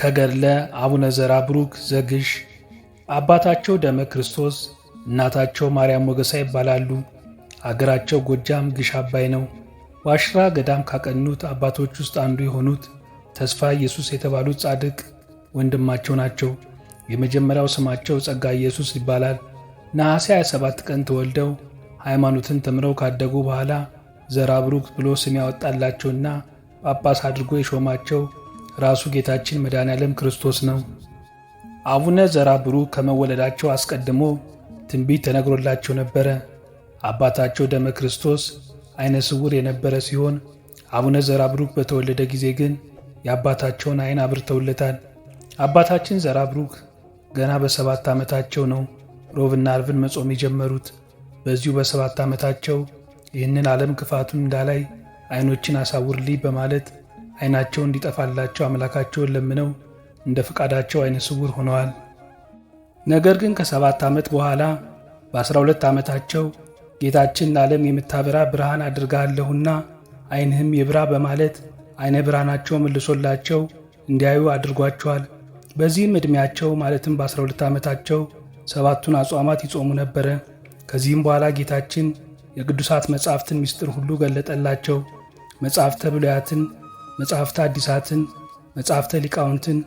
ከገድለ አቡነ ዘራ ብሩክ ዘግሽ። አባታቸው ደመ ክርስቶስ፣ እናታቸው ማርያም ሞገሳ ይባላሉ። አገራቸው ጎጃም ግሽ አባይ ነው። ዋሽራ ገዳም ካቀኑት አባቶች ውስጥ አንዱ የሆኑት ተስፋ ኢየሱስ የተባሉት ጻድቅ ወንድማቸው ናቸው። የመጀመሪያው ስማቸው ጸጋ ኢየሱስ ይባላል። ነሐሴ 27 ቀን ተወልደው ሃይማኖትን ተምረው ካደጉ በኋላ ዘራ ብሩክ ብሎ ስም ያወጣላቸውና ጳጳስ አድርጎ የሾማቸው ራሱ ጌታችን መድኃኔዓለም ክርስቶስ ነው። አቡነ ዘራ ብሩክ ከመወለዳቸው አስቀድሞ ትንቢት ተነግሮላቸው ነበረ። አባታቸው ደመ ክርስቶስ አይነ ስውር የነበረ ሲሆን አቡነ ዘራ ብሩክ በተወለደ ጊዜ ግን የአባታቸውን አይን አብርተውለታል። አባታችን ዘራብሩክ ብሩክ ገና በሰባት ዓመታቸው ነው ሮብና አርብን መጾም የጀመሩት። በዚሁ በሰባት ዓመታቸው ይህንን ዓለም ክፋቱን እንዳላይ አይኖችን አሳውርልኝ በማለት ዓይናቸው እንዲጠፋላቸው አምላካቸውን ለምነው እንደ ፈቃዳቸው ዓይነ ስውር ሆነዋል። ነገር ግን ከሰባት ዓመት በኋላ በአስራ ሁለት ዓመታቸው ጌታችን ለዓለም የምታበራ ብርሃን አድርጋለሁና ዓይንህም ይብራ በማለት ዓይነ ብርሃናቸው መልሶላቸው እንዲያዩ አድርጓቸዋል። በዚህም ዕድሜያቸው ማለትም በ12 ዓመታቸው ሰባቱን አጽዋማት ይጾሙ ነበረ። ከዚህም በኋላ ጌታችን የቅዱሳት መጻሕፍትን ምስጢር ሁሉ ገለጠላቸው። መጻሕፍተ ብሉያትን መጽሐፍተ አዲሳትን፣ መጽሐፍተ ሊቃውንትን፣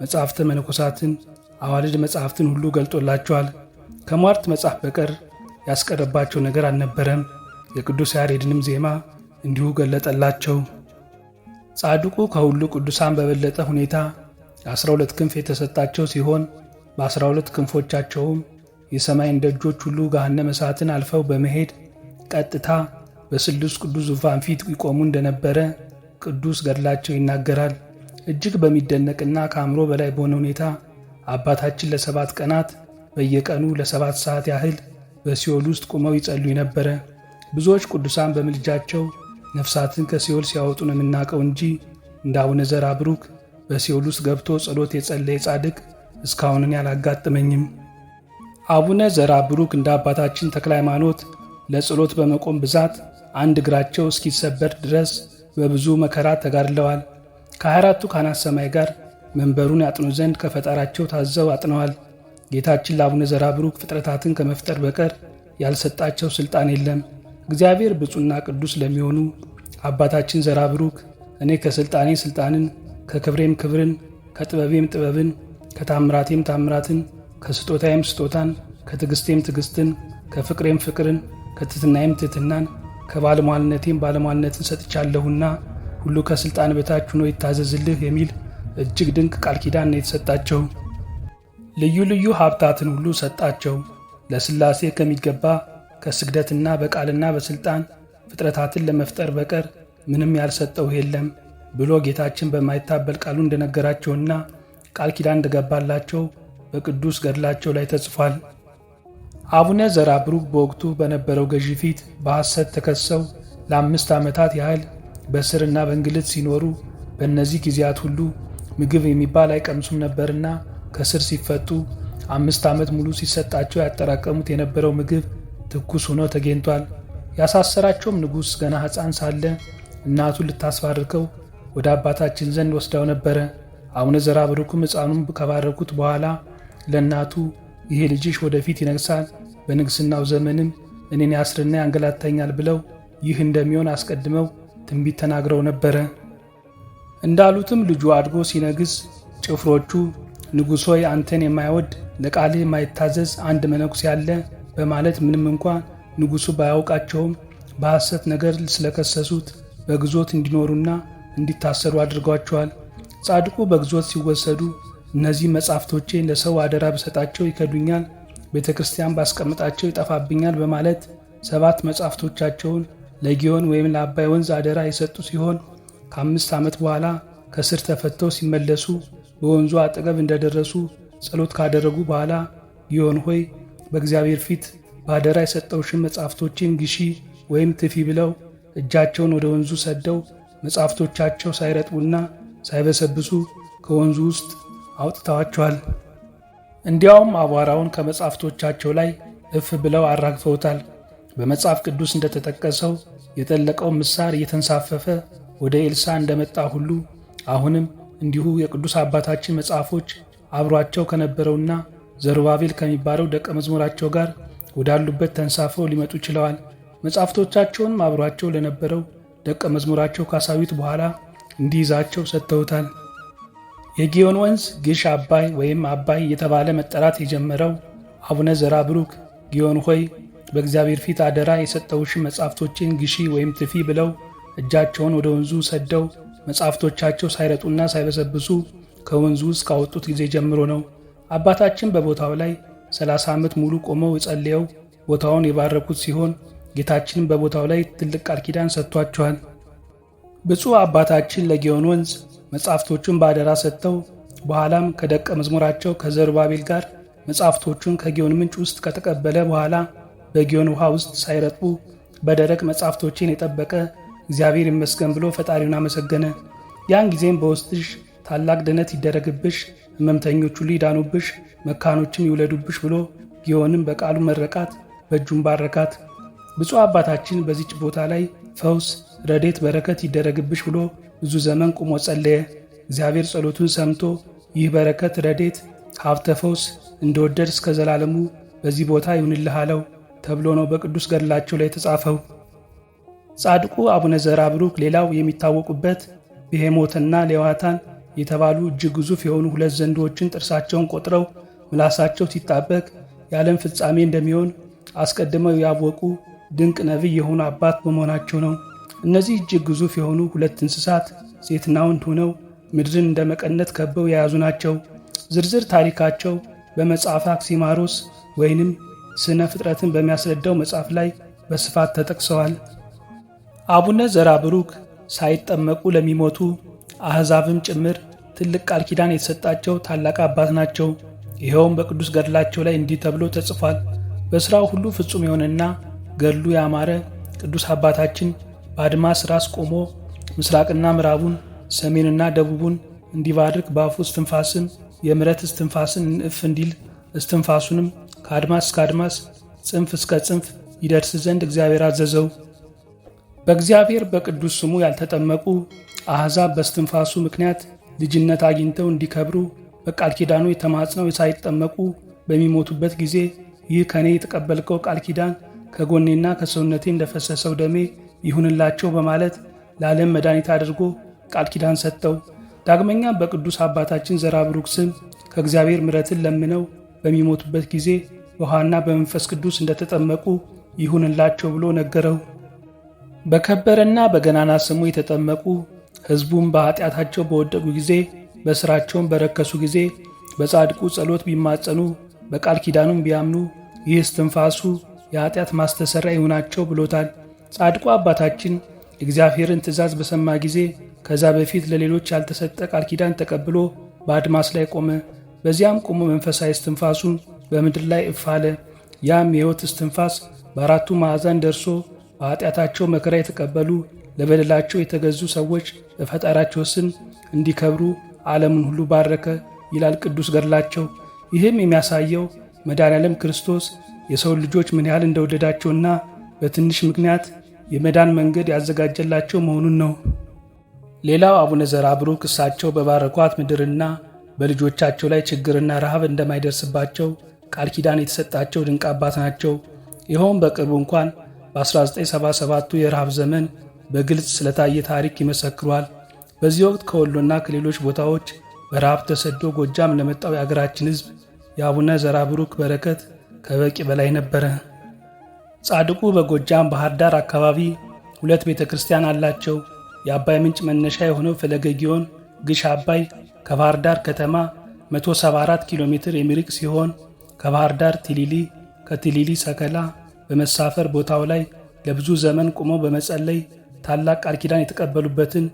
መጽሐፍተ መነኮሳትን፣ አዋልድ መጽሐፍትን ሁሉ ገልጦላቸዋል። ከሟርት መጽሐፍ በቀር ያስቀረባቸው ነገር አልነበረም። የቅዱስ ያሬድንም ዜማ እንዲሁ ገለጠላቸው። ጻድቁ ከሁሉ ቅዱሳን በበለጠ ሁኔታ የአስራ ሁለት ክንፍ የተሰጣቸው ሲሆን በአስራ ሁለት ክንፎቻቸውም የሰማይን ደጆች ሁሉ ገሃነመ እሳትን አልፈው በመሄድ ቀጥታ በስሉስ ቅዱስ ዙፋን ፊት ይቆሙ እንደነበረ ቅዱስ ገድላቸው ይናገራል። እጅግ በሚደነቅና ከአእምሮ በላይ በሆነ ሁኔታ አባታችን ለሰባት ቀናት በየቀኑ ለሰባት ሰዓት ያህል በሲኦል ውስጥ ቁመው ይጸልዩ ነበረ። ብዙዎች ቅዱሳን በምልጃቸው ነፍሳትን ከሲኦል ሲያወጡ ነው የምናውቀው እንጂ እንደ አቡነ ዘራ ብሩክ በሲኦል ውስጥ ገብቶ ጸሎት የጸለየ ጻድቅ እስካሁንን ያላጋጥመኝም። አቡነ ዘራ ብሩክ እንደ አባታችን ተክለ ሃይማኖት ለጸሎት በመቆም ብዛት አንድ እግራቸው እስኪሰበር ድረስ በብዙ መከራ ተጋድለዋል። ከሃያ አራቱ ካህናት ሰማይ ጋር መንበሩን ያጥኑ ዘንድ ከፈጣራቸው ታዘው አጥነዋል። ጌታችን ለአቡነ ዘራብሩክ ፍጥረታትን ከመፍጠር በቀር ያልሰጣቸው ሥልጣን የለም። እግዚአብሔር ብፁና ቅዱስ ለሚሆኑ አባታችን ዘራብሩክ እኔ ከሥልጣኔ ሥልጣንን፣ ከክብሬም ክብርን፣ ከጥበቤም ጥበብን፣ ከታምራቴም ታምራትን፣ ከስጦታዬም ስጦታን፣ ከትዕግሥቴም ትዕግሥትን፣ ከፍቅሬም ፍቅርን፣ ከትሕትናዬም ትሕትናን ከባለሟልነቴም ባለሟልነትን ሰጥቻለሁና ሁሉ ከስልጣን በታች ሆኖ ይታዘዝልህ የሚል እጅግ ድንቅ ቃል ኪዳን ነው የተሰጣቸው። ልዩ ልዩ ሀብታትን ሁሉ ሰጣቸው። ለሥላሴ ከሚገባ ከስግደትና በቃልና በስልጣን ፍጥረታትን ለመፍጠር በቀር ምንም ያልሰጠው የለም ብሎ ጌታችን በማይታበል ቃሉ እንደነገራቸውና ቃል ኪዳን እንደገባላቸው በቅዱስ ገድላቸው ላይ ተጽፏል። አቡነ ዘራብሩክ በወቅቱ በነበረው ገዢ ፊት በሐሰት ተከሰው ለአምስት ዓመታት ያህል በስርና በእንግልት ሲኖሩ በእነዚህ ጊዜያት ሁሉ ምግብ የሚባል አይቀምሱም ነበርና ከስር ሲፈቱ አምስት ዓመት ሙሉ ሲሰጣቸው ያጠራቀሙት የነበረው ምግብ ትኩስ ሆኖ ተገኝቷል። ያሳሰራቸውም ንጉሥ ገና ሕፃን ሳለ እናቱ ልታስባርከው ወደ አባታችን ዘንድ ወስደው ነበረ። አቡነ ዘራብሩክም ሕፃኑን ከባረኩት በኋላ ለእናቱ ይሄ ልጅሽ ወደፊት ይነግሳል፣ በንግሥናው ዘመንም እኔን ያስርና ያንገላታኛል ብለው ይህ እንደሚሆን አስቀድመው ትንቢት ተናግረው ነበረ። እንዳሉትም ልጁ አድጎ ሲነግስ ጭፍሮቹ ንጉሥ ሆይ አንተን የማይወድ ለቃሌ የማይታዘዝ አንድ መነኩሴ ያለ በማለት ምንም እንኳ ንጉሡ ባያውቃቸውም በሐሰት ነገር ስለከሰሱት በግዞት እንዲኖሩና እንዲታሰሩ አድርጓቸዋል። ጻድቁ በግዞት ሲወሰዱ እነዚህ መጻሕፍቶቼን ለሰው አደራ ብሰጣቸው ይከዱኛል፣ ቤተ ክርስቲያን ባስቀምጣቸው ይጠፋብኛል በማለት ሰባት መጻሕፍቶቻቸውን ለጊዮን ወይም ለአባይ ወንዝ አደራ የሰጡ ሲሆን ከአምስት ዓመት በኋላ ከስር ተፈተው ሲመለሱ በወንዙ አጠገብ እንደደረሱ ጸሎት ካደረጉ በኋላ ጊዮን ሆይ በእግዚአብሔር ፊት በአደራ የሰጠውሽን መጻሕፍቶቼን ግሺ ወይም ትፊ ብለው እጃቸውን ወደ ወንዙ ሰደው መጻሕፍቶቻቸው ሳይረጥቡና ሳይበሰብሱ ከወንዙ ውስጥ አውጥተዋቸዋል። እንዲያውም አቧራውን ከመጻሕፍቶቻቸው ላይ እፍ ብለው አራግፈውታል። በመጽሐፍ ቅዱስ እንደተጠቀሰው የጠለቀው ምሳር እየተንሳፈፈ ወደ ኤልሳ እንደመጣ ሁሉ አሁንም እንዲሁ የቅዱስ አባታችን መጽሐፎች አብሯቸው ከነበረውና ዘሩባቤል ከሚባለው ደቀ መዝሙራቸው ጋር ወዳሉበት ተንሳፈው ሊመጡ ችለዋል። መጽሐፍቶቻቸውንም አብሯቸው ለነበረው ደቀ መዝሙራቸው ካሳዊት በኋላ እንዲይዛቸው ሰጥተውታል። የጊዮን ወንዝ ግሽ አባይ ወይም አባይ የተባለ መጠራት የጀመረው አቡነ ዘራ ብሩክ ጊዮን ሆይ በእግዚአብሔር ፊት አደራ የሰጠውሽ መጻሕፍቶችን ግሺ ወይም ትፊ ብለው እጃቸውን ወደ ወንዙ ሰደው መጻሕፍቶቻቸው ሳይረጡና ሳይበሰብሱ ከወንዙ ውስጥ ካወጡት ጊዜ ጀምሮ ነው። አባታችን በቦታው ላይ 30 ዓመት ሙሉ ቆመው ጸልየው ቦታውን የባረኩት ሲሆን ጌታችንም በቦታው ላይ ትልቅ ቃል ኪዳን ሰጥቷቸዋል። ብፁዕ አባታችን ለጊዮን ወንዝ መጻሕፍቶቹን በአደራ ሰጥተው በኋላም ከደቀ መዝሙራቸው ከዘሩባቤል ጋር መጻሕፍቶቹን ከጊዮን ምንጭ ውስጥ ከተቀበለ በኋላ በጊዮን ውሃ ውስጥ ሳይረጥቡ በደረቅ መጻሕፍቶቼን የጠበቀ እግዚአብሔር ይመስገን ብሎ ፈጣሪውን አመሰገነ። ያን ጊዜም በውስጥሽ ታላቅ ድነት ይደረግብሽ፣ ሕመምተኞች ሁሉ ይዳኑብሽ፣ መካኖችም ይውለዱብሽ ብሎ ጊዮንም በቃሉ መረቃት፣ በእጁም ባረካት። ብፁዕ አባታችን በዚች ቦታ ላይ ፈውስ፣ ረዴት፣ በረከት ይደረግብሽ ብሎ ብዙ ዘመን ቁሞ ጸለየ። እግዚአብሔር ጸሎቱን ሰምቶ ይህ በረከት፣ ረዴት፣ ሀብተ ፈውስ እንደወደድ እስከ ዘላለሙ በዚህ ቦታ ይሁንልህ አለው ተብሎ ነው በቅዱስ ገድላቸው ላይ የተጻፈው። ጻድቁ አቡነ ዘራ ብሩክ ሌላው የሚታወቁበት ብሄሞትና ሌዋታን የተባሉ እጅግ ግዙፍ የሆኑ ሁለት ዘንዶችን ጥርሳቸውን ቆጥረው ምላሳቸው ሲጣበቅ የዓለም ፍጻሜ እንደሚሆን አስቀድመው ያወቁ ድንቅ ነቢይ የሆኑ አባት በመሆናቸው ነው። እነዚህ እጅግ ግዙፍ የሆኑ ሁለት እንስሳት ሴትና ወንድ ሆነው ምድርን እንደ መቀነት ከበው የያዙ ናቸው። ዝርዝር ታሪካቸው በመጽሐፍ አክሲማሮስ ወይንም ስነ ፍጥረትን በሚያስረዳው መጽሐፍ ላይ በስፋት ተጠቅሰዋል። አቡነ ዘራ ብሩክ ሳይጠመቁ ለሚሞቱ አሕዛብም ጭምር ትልቅ ቃል ኪዳን የተሰጣቸው ታላቅ አባት ናቸው። ይኸውም በቅዱስ ገድላቸው ላይ እንዲህ ተብሎ ተጽፏል። በሥራው ሁሉ ፍጹም የሆነና ገድሉ ያማረ ቅዱስ አባታችን በአድማስ ራስ ቆሞ ምስራቅና ምዕራቡን ሰሜንና ደቡቡን እንዲባርክ በአፉ እስትንፋስን የምረት እስትንፋስን እፍ እንዲል እስትንፋሱንም ከአድማስ እስከ አድማስ ጽንፍ እስከ ጽንፍ ይደርስ ዘንድ እግዚአብሔር አዘዘው። በእግዚአብሔር በቅዱስ ስሙ ያልተጠመቁ አሕዛብ በስትንፋሱ ምክንያት ልጅነት አግኝተው እንዲከብሩ በቃል ኪዳኑ የተማጽነው ሳይጠመቁ በሚሞቱበት ጊዜ ይህ ከእኔ የተቀበልከው ቃል ኪዳን ከጎኔና ከሰውነቴ እንደፈሰሰው ደሜ ይሁንላቸው በማለት ለዓለም መድኃኒት አድርጎ ቃል ኪዳን ሰጠው። ዳግመኛ በቅዱስ አባታችን ዘራብሩክ ስም ከእግዚአብሔር ምረትን ለምነው በሚሞቱበት ጊዜ በውሃና በመንፈስ ቅዱስ እንደተጠመቁ ይሁንላቸው ብሎ ነገረው። በከበረና በገናና ስሙ የተጠመቁ ሕዝቡም በኃጢአታቸው በወደቁ ጊዜ በሥራቸውም በረከሱ ጊዜ በጻድቁ ጸሎት ቢማጸኑ በቃል ኪዳኑም ቢያምኑ ይህ እስትንፋሱ የኃጢአት ማስተሰሪያ ይሆናቸው ብሎታል። ጻድቁ አባታችን እግዚአብሔርን ትእዛዝ በሰማ ጊዜ ከዛ በፊት ለሌሎች ያልተሰጠ ቃል ኪዳን ተቀብሎ በአድማስ ላይ ቆመ። በዚያም ቆሞ መንፈሳዊ እስትንፋሱን በምድር ላይ እፍ አለ። ያም የሕይወት እስትንፋስ በአራቱ ማዕዘን ደርሶ በኃጢአታቸው መከራ የተቀበሉ ለበደላቸው የተገዙ ሰዎች በፈጣሪያቸው ስም እንዲከብሩ ዓለሙን ሁሉ ባረከ ይላል ቅዱስ ገድላቸው። ይህም የሚያሳየው ዓለም ክርስቶስ የሰው ልጆች ምን ያህል እንደወደዳቸውና በትንሽ ምክንያት የመዳን መንገድ ያዘጋጀላቸው መሆኑን ነው። ሌላው አቡነ ዘርዓ ብሩክ እሳቸው በባረኳት ምድርና በልጆቻቸው ላይ ችግርና ረሃብ እንደማይደርስባቸው ቃል ኪዳን የተሰጣቸው ድንቅ አባት ናቸው። ይኸውም በቅርቡ እንኳን በ1977ቱ የረሃብ ዘመን በግልጽ ስለታየ ታሪክ ይመሰክሯል። በዚህ ወቅት ከወሎና ከሌሎች ቦታዎች በረሃብ ተሰዶ ጎጃም ለመጣው የአገራችን ሕዝብ የአቡነ ዘርዓ ብሩክ በረከት ከበቂ በላይ ነበረ። ጻድቁ በጎጃም ባህር ዳር አካባቢ ሁለት ቤተ ክርስቲያን አላቸው። የአባይ ምንጭ መነሻ የሆነው ፈለገ ጊዮን ግሽ አባይ ከባህር ዳር ከተማ 174 ኪሎ ሜትር የሚርቅ ሲሆን ከባህር ዳር ቲሊሊ፣ ከቲሊሊ ሰከላ በመሳፈር ቦታው ላይ ለብዙ ዘመን ቆመው በመጸለይ ታላቅ ቃል ኪዳን የተቀበሉበትን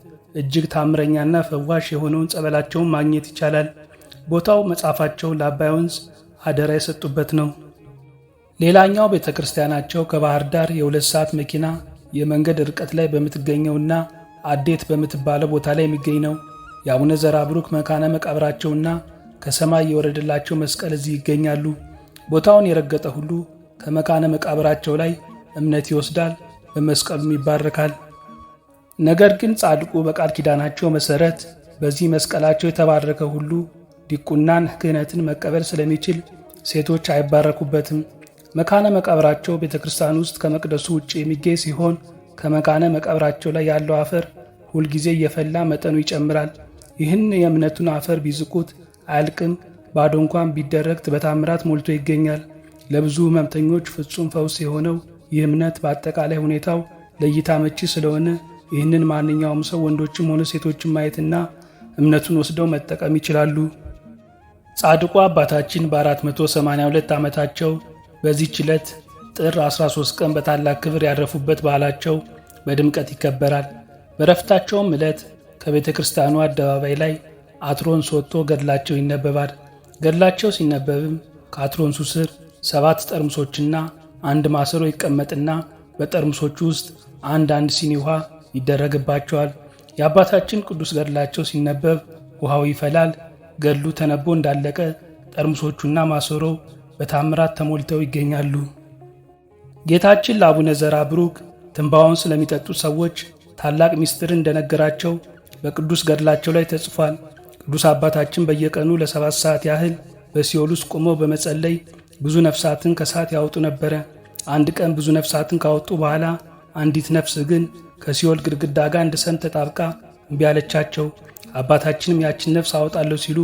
እጅግ ታምረኛና ፈዋሽ የሆነውን ጸበላቸውን ማግኘት ይቻላል። ቦታው መጻፋቸው ለአባይ ወንዝ አደራ የሰጡበት ነው። ሌላኛው ቤተ ክርስቲያናቸው ከባህር ዳር የሁለት ሰዓት መኪና የመንገድ ርቀት ላይ በምትገኘውና አዴት በምትባለው ቦታ ላይ የሚገኝ ነው። የአቡነ ዘራ ብሩክ መካነ መቃብራቸውና ከሰማይ የወረደላቸው መስቀል እዚህ ይገኛሉ። ቦታውን የረገጠ ሁሉ ከመካነ መቃብራቸው ላይ እምነት ይወስዳል፣ በመስቀሉም ይባረካል። ነገር ግን ጻድቁ በቃል ኪዳናቸው መሠረት በዚህ መስቀላቸው የተባረከ ሁሉ ዲቁናን ክህነትን መቀበል ስለሚችል ሴቶች አይባረኩበትም። መካነ መቃብራቸው ቤተ ክርስቲያን ውስጥ ከመቅደሱ ውጭ የሚገኝ ሲሆን ከመካነ መቃብራቸው ላይ ያለው አፈር ሁልጊዜ እየፈላ መጠኑ ይጨምራል። ይህን የእምነቱን አፈር ቢዝቁት አያልቅም፣ ባዶ እንኳን ቢደረግ በታምራት ሞልቶ ይገኛል። ለብዙ ሕመምተኞች ፍጹም ፈውስ የሆነው ይህ እምነት በአጠቃላይ ሁኔታው ለእይታ መቺ ስለሆነ ይህንን ማንኛውም ሰው ወንዶችም ሆነ ሴቶችም ማየትና እምነቱን ወስደው መጠቀም ይችላሉ። ጻድቁ አባታችን በ482 ዓመታቸው በዚህች ዕለት ጥር 13 ቀን በታላቅ ክብር ያረፉበት በዓላቸው በድምቀት ይከበራል። በረፍታቸውም ዕለት ከቤተ ክርስቲያኑ አደባባይ ላይ አትሮንስ ወጥቶ ገድላቸው ይነበባል። ገድላቸው ሲነበብም ከአትሮንሱ ስር ሰባት ጠርሙሶችና አንድ ማሰሮ ይቀመጥና በጠርሙሶቹ ውስጥ አንድ አንድ ሲኒ ውሃ ይደረግባቸዋል። የአባታችን ቅዱስ ገድላቸው ሲነበብ ውሃው ይፈላል። ገድሉ ተነቦ እንዳለቀ ጠርሙሶቹና ማሰሮው በታምራት ተሞልተው ይገኛሉ። ጌታችን ለአቡነ ዘራ ብሩክ ትንባውን ስለሚጠጡ ሰዎች ታላቅ ምስጢር እንደነገራቸው በቅዱስ ገድላቸው ላይ ተጽፏል። ቅዱስ አባታችን በየቀኑ ለሰባት ሰዓት ያህል በሲኦል ውስጥ ቆመው በመጸለይ ብዙ ነፍሳትን ከእሳት ያወጡ ነበረ። አንድ ቀን ብዙ ነፍሳትን ካወጡ በኋላ አንዲት ነፍስ ግን ከሲኦል ግድግዳ ጋር እንደ ሰም ተጣብቃ እምቢ አለቻቸው። አባታችንም ያችን ነፍስ አወጣለሁ ሲሉ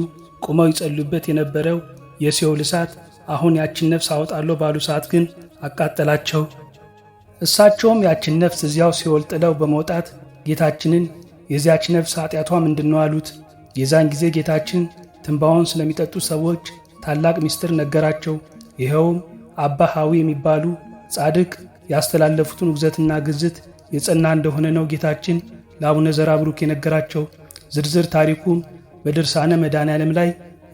ቆመው ይጸልዩበት የነበረው የሲኦል እሳት አሁን ያችን ነፍስ አወጣለሁ ባሉ ሰዓት ግን አቃጠላቸው። እሳቸውም ያችን ነፍስ እዚያው ሲኦል ጥለው በመውጣት ጌታችንን የዚያች ነፍስ ኃጢአቷ ምንድን ነው አሉት። የዛን ጊዜ ጌታችን ትንባውን ስለሚጠጡ ሰዎች ታላቅ ምስጢር ነገራቸው። ይኸውም አባ ሐዊ የሚባሉ ጻድቅ ያስተላለፉትን ውግዘትና ግዝት የጸና እንደሆነ ነው ጌታችን ለአቡነ ብሩክ የነገራቸው። ዝርዝር ታሪኩም በድርሳነ መድኃኔ ዓለም ላይ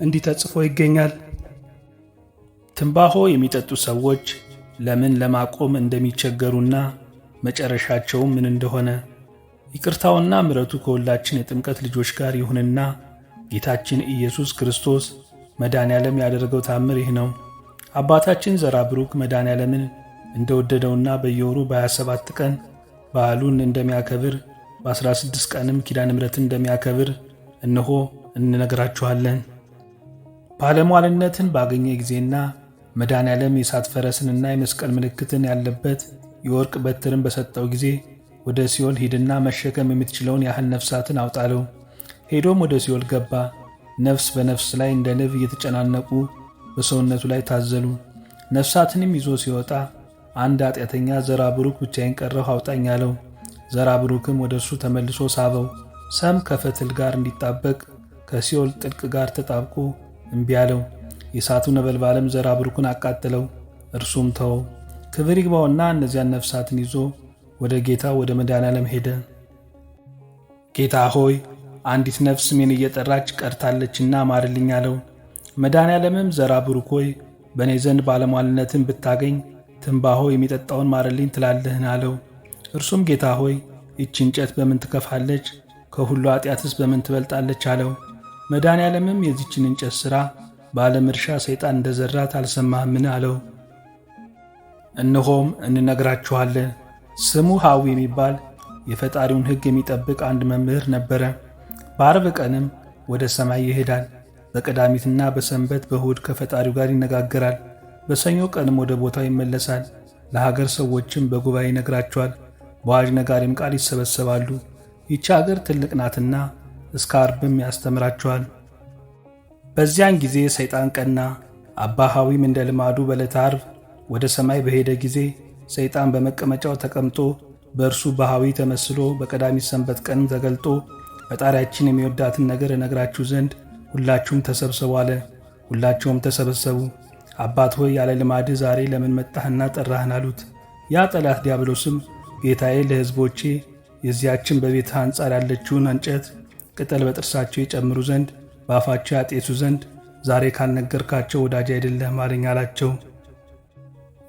እንዲህ ተጽፎ ይገኛል። ትንባሆ የሚጠጡ ሰዎች ለምን ለማቆም እንደሚቸገሩና መጨረሻቸውም ምን እንደሆነ ይቅርታውና ምረቱ ከሁላችን የጥምቀት ልጆች ጋር ይሁንና ጌታችን ኢየሱስ ክርስቶስ መድኃኔ ያደረገው ታምር ይህ ነው። አባታችን ዘራ ብሩክ መድኃኔ ዓለምን እንደወደደውና በየወሩ በ27 ቀን በዓሉን እንደሚያከብር በ16 ቀንም ኪዳነ ምሕረትን እንደሚያከብር እነሆ እንነግራችኋለን። ባለሟልነትን ባገኘ ጊዜና መድኃኔዓለም የእሳት ፈረስንና የመስቀል ምልክትን ያለበት የወርቅ በትርን በሰጠው ጊዜ ወደ ሲኦል ሂድና መሸከም የምትችለውን ያህል ነፍሳትን አውጣለው። ሄዶም ወደ ሲኦል ገባ። ነፍስ በነፍስ ላይ እንደ ንብ እየተጨናነቁ በሰውነቱ ላይ ታዘሉ። ነፍሳትንም ይዞ ሲወጣ አንድ ኃጢአተኛ ዘራ ብሩክ ብቻዬን ቀረሁ አውጣኝ አለው። ዘራ ብሩክም ወደ እርሱ ተመልሶ ሳበው። ሰም ከፈትል ጋር እንዲጣበቅ ከሲኦል ጥልቅ ጋር ተጣብቆ እምቢ አለው። የእሳቱ ነበልባልም ዘራ ብሩክን አቃጥለው፣ እርሱም ተው። ክብር ይግባውና እነዚያን ነፍሳትን ይዞ ወደ ጌታ ወደ መድኃኔዓለም ሄደ። ጌታ ሆይ አንዲት ነፍስ እኔን እየጠራች ቀርታለችና ማርልኝ አለው። መድኃኔዓለምም ዘራ ብሩክ ሆይ በእኔ ዘንድ ባለሟልነትን ብታገኝ ትንባሆ የሚጠጣውን ማርልኝ ትላለህን አለው። እርሱም ጌታ ሆይ ይች እንጨት በምን ትከፋለች? ከሁሉ ኃጢአትስ በምን ትበልጣለች? አለው። መድኃኔዓለምም የዚችን እንጨት ሥራ በዓለም እርሻ ሰይጣን እንደ ዘራት አልሰማህምን? አለው። እነሆም እንነግራችኋለን። ስሙ ሐዊ የሚባል የፈጣሪውን ሕግ የሚጠብቅ አንድ መምህር ነበረ። በአርብ ቀንም ወደ ሰማይ ይሄዳል። በቀዳሚትና በሰንበት በእሁድ ከፈጣሪው ጋር ይነጋገራል። በሰኞ ቀንም ወደ ቦታው ይመለሳል። ለሀገር ሰዎችም በጉባኤ ይነግራቸዋል። በዋዥ ነጋሪም ቃል ይሰበሰባሉ። ይቺ አገር ትልቅ ናትና እስከ አርብም ያስተምራቸዋል። በዚያን ጊዜ ሰይጣን ቀና። አባ ሐዊም እንደ ልማዱ በዕለተ ዓርብ ወደ ሰማይ በሄደ ጊዜ ሰይጣን በመቀመጫው ተቀምጦ በእርሱ በሐዊ ተመስሎ በቀዳሚ ሰንበት ቀን ተገልጦ ፈጣሪያችን የሚወዳትን ነገር እነግራችሁ ዘንድ ሁላችሁም ተሰብሰቡ አለ። ሁላቸውም ተሰበሰቡ። አባት ሆይ ያለ ልማድህ ዛሬ ለምን መጣህና ጠራህን? አሉት። ያ ጠላት ዲያብሎስም ጌታዬ ለሕዝቦቼ የዚያችን በቤትህ አንጻር ያለችውን እንጨት ቅጠል በጥርሳቸው ይጨምሩ ዘንድ በአፋቸው ያጤሱ ዘንድ ዛሬ ካልነገርካቸው ወዳጅ አይደለህም አለኝ አላቸው።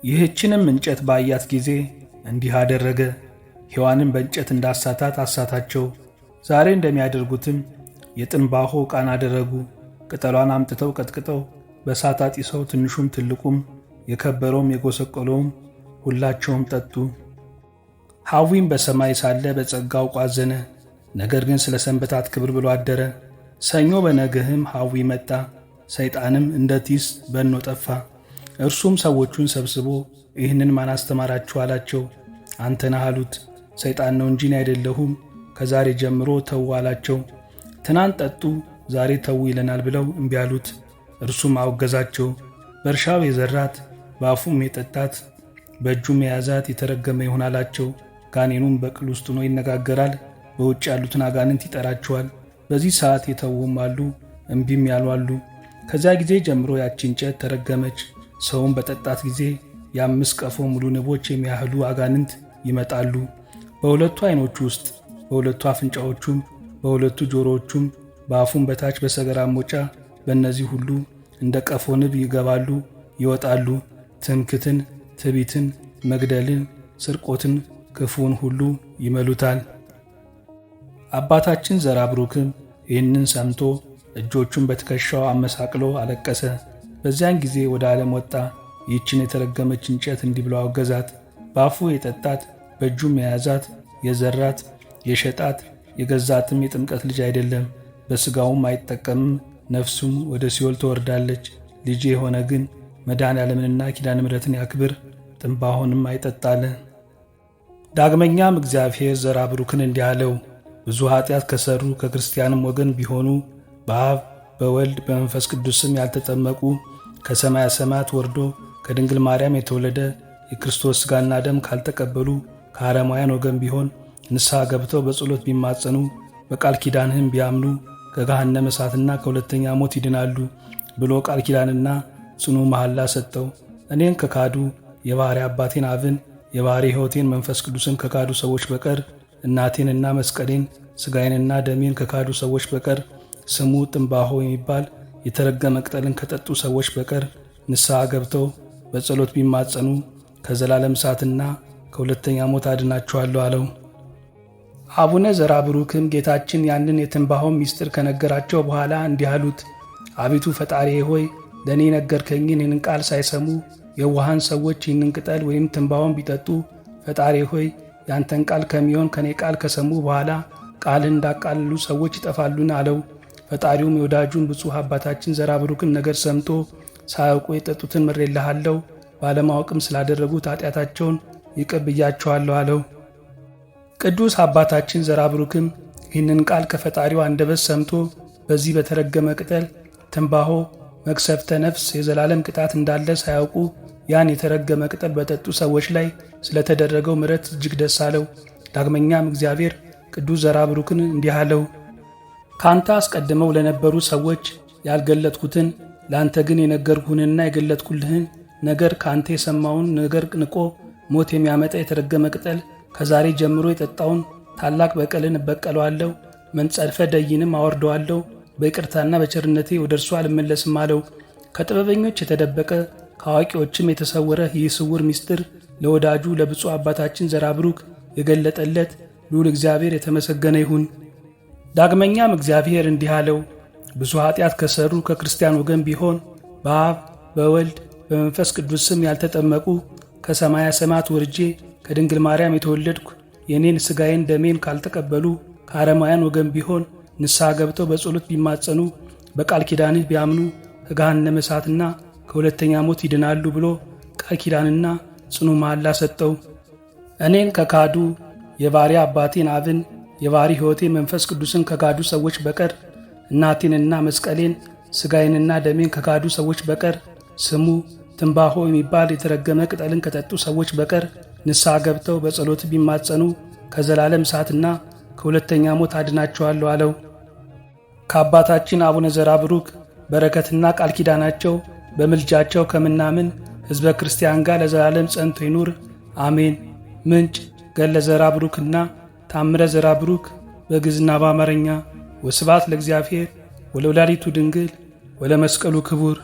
ይህችንም እንጨት ባያት ጊዜ እንዲህ አደረገ። ሔዋንም በእንጨት እንዳሳታት አሳታቸው። ዛሬ እንደሚያደርጉትም የጥንባሆ ዕቃን አደረጉ። ቅጠሏን አምጥተው ቀጥቅጠው በእሳት አጢሰው ትንሹም ትልቁም የከበረውም የጎሰቆለውም ሁላቸውም ጠጡ። ሐዊም በሰማይ ሳለ በጸጋው ቋዘነ። ነገር ግን ስለ ሰንበታት ክብር ብሎ አደረ። ሰኞ በነግህም ሐዊ መጣ፣ ሰይጣንም እንደ ጢስ በኖ ጠፋ። እርሱም ሰዎቹን ሰብስቦ ይህንን ማን አስተማራችሁ አላቸው። አንተና አሉት። ሰይጣን ነው እንጂ እኔ አይደለሁም፣ ከዛሬ ጀምሮ ተዉ አላቸው። ትናንት ጠጡ፣ ዛሬ ተዉ ይለናል ብለው እምቢ አሉት። እርሱም አወገዛቸው። በእርሻው የዘራት በአፉም የጠጣት በእጁም የያዛት የተረገመ ይሆን አላቸው። ጋኔኑም በቅል ውስጥ ሆኖ ይነጋገራል፣ በውጭ ያሉትን አጋንንት ይጠራቸዋል። በዚህ ሰዓት የተውም አሉ፣ እምቢም ያሉ አሉ። ከዚያ ጊዜ ጀምሮ ያቺ እንጨት ተረገመች። ሰውን በጠጣት ጊዜ የአምስት ቀፎ ሙሉ ንቦች የሚያህሉ አጋንንት ይመጣሉ። በሁለቱ ዓይኖቹ ውስጥ በሁለቱ አፍንጫዎቹም በሁለቱ ጆሮዎቹም በአፉም በታች በሰገራ ሞጫ በእነዚህ ሁሉ እንደ ቀፎ ንብ ይገባሉ ይወጣሉ። ትምክትን፣ ትቢትን፣ መግደልን፣ ስርቆትን፣ ክፉውን ሁሉ ይመሉታል። አባታችን ዘራብሩክም ይህንን ሰምቶ እጆቹን በትከሻው አመሳቅሎ አለቀሰ። በዚያን ጊዜ ወደ ዓለም ወጣ። ይህችን የተረገመች እንጨት እንዲህ ብሎ አወገዛት። በአፉ የጠጣት በእጁም የያዛት የዘራት የሸጣት የገዛትም የጥምቀት ልጅ አይደለም፣ በሥጋውም አይጠቀምም፣ ነፍሱም ወደ ሲኦል ትወርዳለች። ልጅ የሆነ ግን መዳን ያለምንና ኪዳን ምረትን ያክብር፣ ትንባሆንም አይጠጣለ። ዳግመኛም እግዚአብሔር ዘራ ብሩክን እንዲህ አለው ብዙ ኃጢአት ከሠሩ ከክርስቲያንም ወገን ቢሆኑ በአብ በወልድ በመንፈስ ቅዱስም ያልተጠመቁ ከሰማያ ሰማያት ወርዶ ከድንግል ማርያም የተወለደ የክርስቶስ ሥጋና ደም ካልተቀበሉ ከአረማውያን ወገን ቢሆን ንስሐ ገብተው በጸሎት ቢማጸኑ በቃል ኪዳንህም ቢያምኑ ከገሃነመ እሳትና ከሁለተኛ ሞት ይድናሉ ብሎ ቃል ኪዳንና ጽኑ መሐላ ሰጠው። እኔን ከካዱ የባሕሪ አባቴን አብን የባሕሪ ሕይወቴን መንፈስ ቅዱስን ከካዱ ሰዎች በቀር እናቴንና መስቀሌን ሥጋዬንና ደሜን ከካዱ ሰዎች በቀር ስሙ ጥምባሆ የሚባል የተረገመ ቅጠልን ከጠጡ ሰዎች በቀር ንስሐ ገብተው በጸሎት ቢማጸኑ ከዘላለም እሳትና ከሁለተኛ ሞት አድናችኋለሁ አለው። አቡነ ዘራ ብሩክም ጌታችን ያንን የትንባሆን ምስጢር ከነገራቸው በኋላ እንዲህ አሉት። አቤቱ ፈጣሪ ሆይ ለእኔ ነገርከኝ ይህንን ቃል ሳይሰሙ የውሃን ሰዎች ይህንን ቅጠል ወይም ትንባሆን ቢጠጡ ፈጣሪ ሆይ ያንተን ቃል ከሚሆን ከእኔ ቃል ከሰሙ በኋላ ቃልን እንዳቃለሉ ሰዎች ይጠፋሉን አለው። ፈጣሪውም የወዳጁን ብፁሕ አባታችን ዘራብሩክን ነገር ሰምቶ ሳያውቁ የጠጡትን ምሬልሃለሁ፣ ባለማወቅም ስላደረጉት ኃጢአታቸውን ይቅር ብያቸዋለሁ አለው። ቅዱስ አባታችን ዘራብሩክም ይህንን ቃል ከፈጣሪው አንደበት ሰምቶ በዚህ በተረገመ ቅጠል ትንባሆ መቅሰፍተ ነፍስ የዘላለም ቅጣት እንዳለ ሳያውቁ ያን የተረገመ ቅጠል በጠጡ ሰዎች ላይ ስለተደረገው ምረት እጅግ ደስ አለው። ዳግመኛም እግዚአብሔር ቅዱስ ዘራብሩክን እንዲህ አለው፣ ካንተ አስቀድመው ለነበሩ ሰዎች ያልገለጥኩትን ለአንተ ግን የነገርኩህንና የገለጥኩልህን ነገር ካንተ የሰማውን ነገር ንቆ ሞት የሚያመጣ የተረገመ ቅጠል ከዛሬ ጀምሮ የጠጣውን ታላቅ በቀልን እበቀለዋለሁ፣ መንጸድፈ ደይንም አወርደዋለሁ፣ በይቅርታና በቸርነቴ ወደ እርሱ አልመለስም አለው። ከጥበበኞች የተደበቀ ከአዋቂዎችም የተሰወረ ይህ ስውር ምስጢር ለወዳጁ ለብፁዕ አባታችን ዘራብሩክ የገለጠለት ልዑል እግዚአብሔር የተመሰገነ ይሁን። ዳግመኛም እግዚአብሔር እንዲህ አለው፣ ብዙ ኃጢአት ከሠሩ ከክርስቲያን ወገን ቢሆን በአብ በወልድ በመንፈስ ቅዱስ ስም ያልተጠመቁ ከሰማያ ሰማት ወርጄ ከድንግል ማርያም የተወለድኩ የእኔን ሥጋዬን ደሜን ካልተቀበሉ ከአረማውያን ወገን ቢሆን ንስሐ ገብተው በጸሎት ቢማጸኑ በቃል ኪዳንህ ቢያምኑ ከገሃነመ እሳትና ከሁለተኛ ሞት ይድናሉ ብሎ ቃል ኪዳንና ጽኑ መሐላ ሰጠው። እኔን ከካዱ የባሪ አባቴን አብን የባሪ ሕይወቴ መንፈስ ቅዱስን ከካዱ ሰዎች በቀር እናቴንና መስቀሌን ሥጋዬንና ደሜን ከካዱ ሰዎች በቀር ስሙ ትንባሆ የሚባል የተረገመ ቅጠልን ከጠጡ ሰዎች በቀር ንስሐ ገብተው በጸሎት ቢማጸኑ ከዘላለም እሳትና ከሁለተኛ ሞት አድናቸዋለሁ አለው። ከአባታችን አቡነ ዘራ ብሩክ በረከትና ቃል ኪዳናቸው በምልጃቸው ከምናምን ሕዝበ ክርስቲያን ጋር ለዘላለም ጸንቶ ይኑር አሜን። ምንጭ ገለ ዘራ ብሩክና ታምረ ዘራ ብሩክ በግዕዝና በአማርኛ። ወስብሐት ለእግዚአብሔር ወለወላዲቱ ድንግል ወለመስቀሉ ክቡር